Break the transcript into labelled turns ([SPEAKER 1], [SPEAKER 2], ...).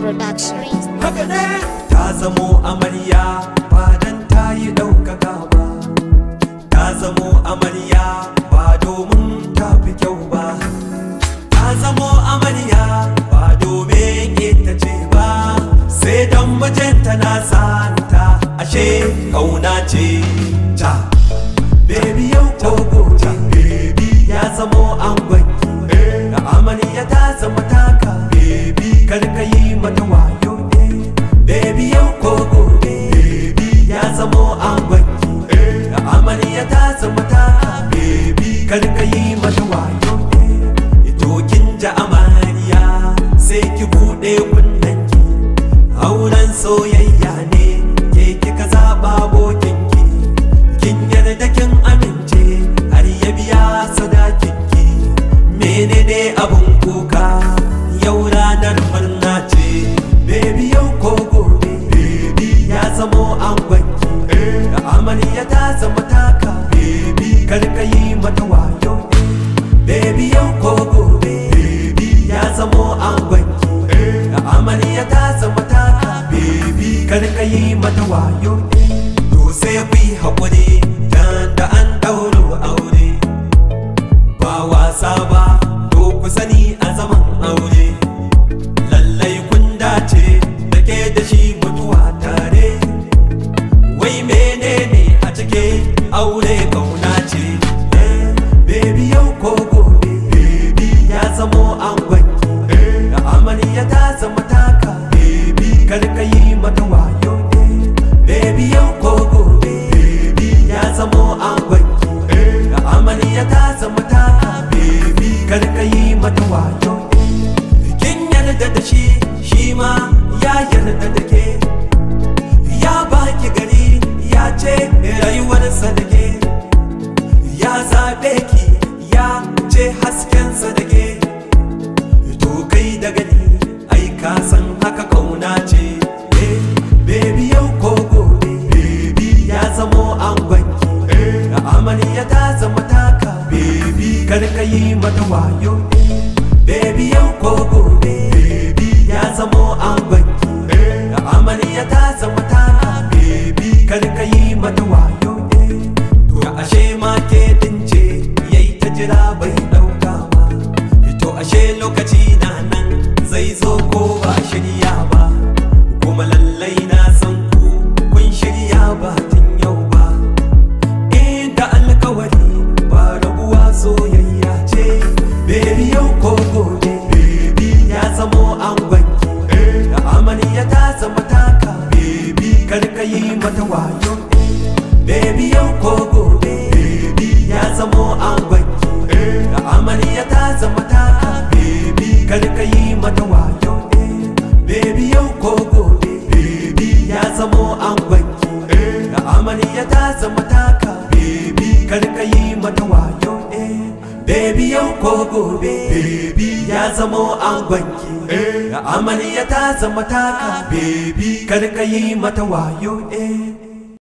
[SPEAKER 1] production ta zamo amarya ba dan ta yi ɗaukaka ba ta zamo amarya ba domin ta fi kyau ba ta zamo amarya ba domin ita ce ba sai dan mijinta na santa ashe kauna ce auren soyayya ne ke kika zaba bokinki kin yarda kin amince har ya biya sadakin ki menene abun kuka are your wayo da dashi shi ma ya yarda da ke ya baki gari ya ce rayuwar sadake ya zaɓe ki ya ce hasken sadake to kai da gani ai ka san haka kauna ce eh, bebi yau ko gobe baby ya zamo angonki eh, amarya ta zama taka baby kar ka yi mata wayo baby yau ko gobe baby ya zamo angonki amarya ta zama tara baby kar ka yi mata wayo eh. to ashe ma ke dince yayi ta jira bai ɗauka ba to ashe lokaci wani wayo baby yau ko gobe baby ya zamo an da amarya ta zama taka baby kar ka yi mata wayo baby yau ko gobe baby ya zamo an da amarya ta zama taka baby kar ka yi mata wayo baby yau ko gobe baby ya zamo angonki eh amarya ta zama taka bebi kar ka yi mata wayo eh